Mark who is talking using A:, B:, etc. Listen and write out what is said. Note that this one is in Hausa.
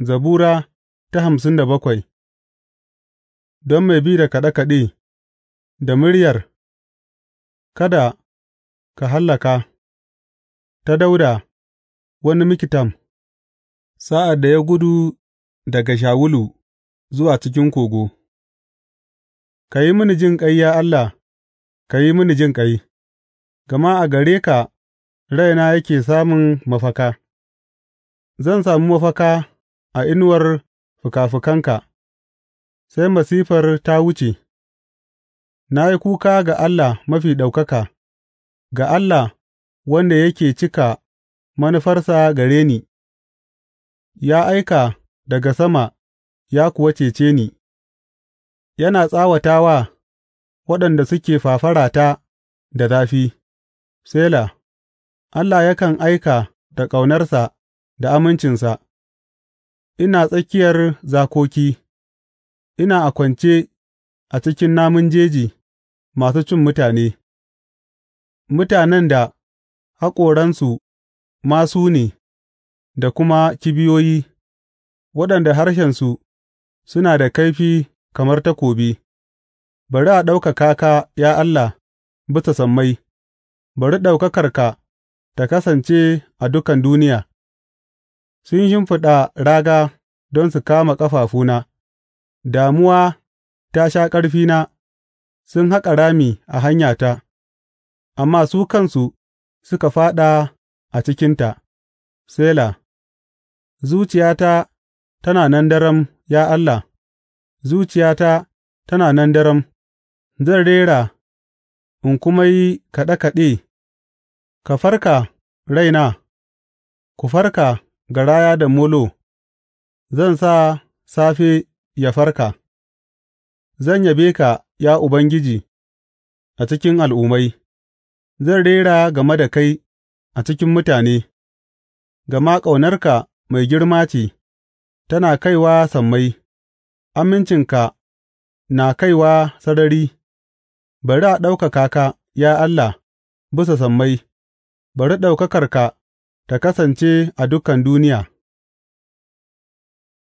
A: Zabura ta hamsin da bakwai Don mai bi da kaɗe kaɗe da muryar Kada ka hallaka ta Dauda, wani mikitam sa'ad da
B: ya gudu daga Shawulu zuwa cikin kogo Ka yi mini jin ƙai ya Allah, ka yi mini jin ƙai. gama a gare ka raina yake samun mafaka; zan sami mafaka. a inuwar fikafikanka, sai masifar ta wuce; na yi kuka ga Allah Mafi Ɗaukaka, ga Allah wanda yake cika manufarsa gare ni; ya aika daga sama ya kuwa cece ni, yana tsawata wa waɗanda suke fafara ta da zafi, Sela Allah yakan aika da ƙaunarsa da amincinsa. Ina tsakiyar zakoki, ina a kwance a cikin namun jeji masu cin mutane, mutanen da haƙoransu masu ne da kuma kibiyoyi, waɗanda harshensu suna da kaifi kamar takobi; bari a ɗaukaka ka, ya Allah, bisa sammai, bari ɗaukakarka ta kasance a dukan duniya. Sun shimfiɗa raga don su kama ƙafafuna; damuwa ta sha ƙarfina, sun haƙa rami a hanyata, amma su kansu suka fāɗa a cikinta. Sela Zuciyata tana nan daram, ya Allah, zuciyata tana nan daram; zan rera in kuma yi kaɗe kaɗe; ka farka, raina, ku farka, garaya da molo, zan sa safe ya farka; zan yabe ka, ya Ubangiji, a cikin al'ummai, zan rera game da kai a cikin mutane, gama ƙaunarka mai girma ce, tana kaiwa sammai, amincinka na kaiwa sarari, bari a ɗaukaka ka, ya Allah, bisa sammai, bari ɗaukakarka. ta kasance a dukan duniya.